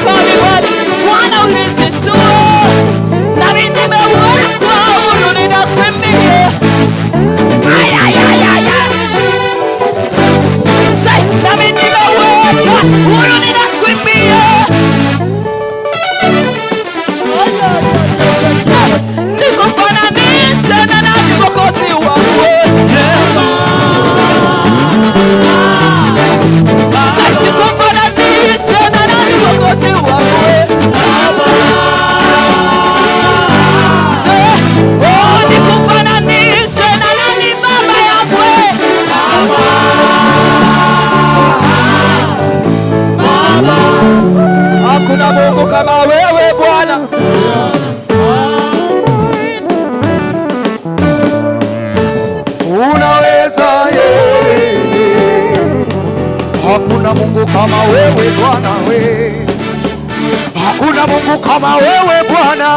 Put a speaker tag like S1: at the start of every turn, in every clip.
S1: Sorry, but one of these Hakuna Mungu kama wewe Bwana, we hakuna Mungu kama wewe Bwana,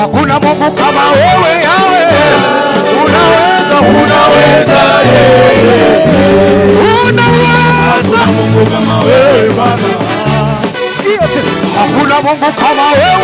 S1: hakuna Mungu kama wewe Yawe, unaweza unaweza, unaweza hakuna Mungu kama wewe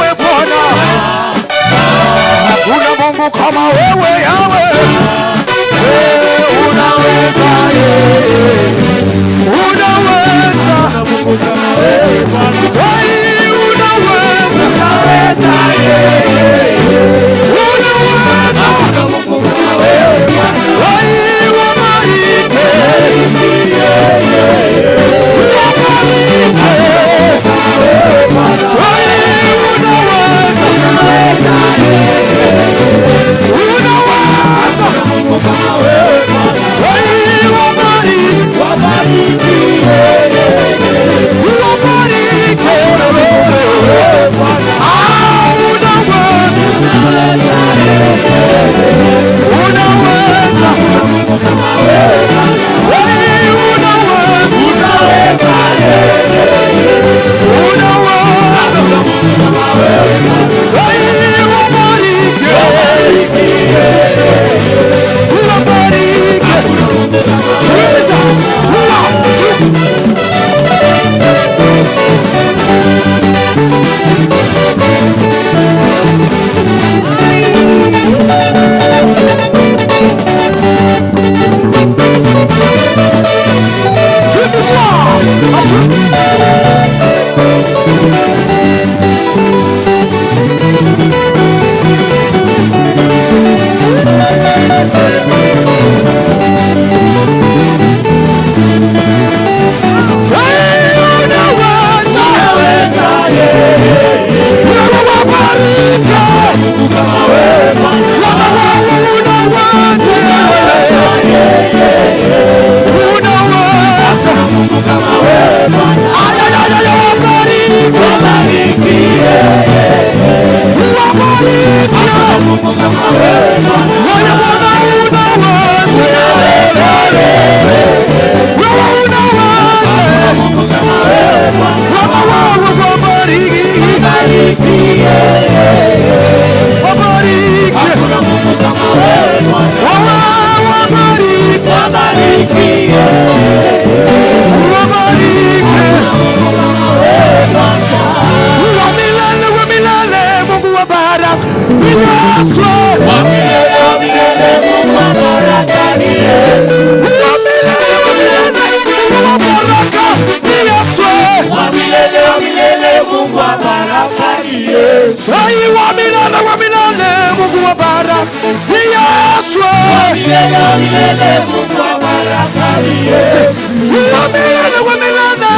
S2: milele, Mungu wa baraka. Milele wa
S1: milele,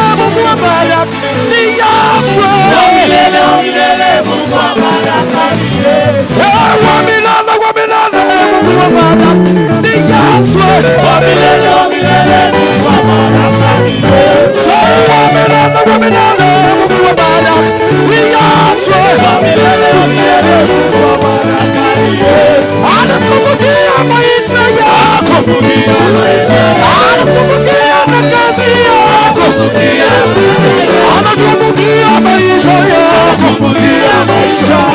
S1: Mungu wa baraka ni Yesu.
S2: Wa milele wa milele, Mungu wa baraka ni Yesu.
S1: Wa milele wa milele, Mungu wa baraka ni Yesu.
S2: so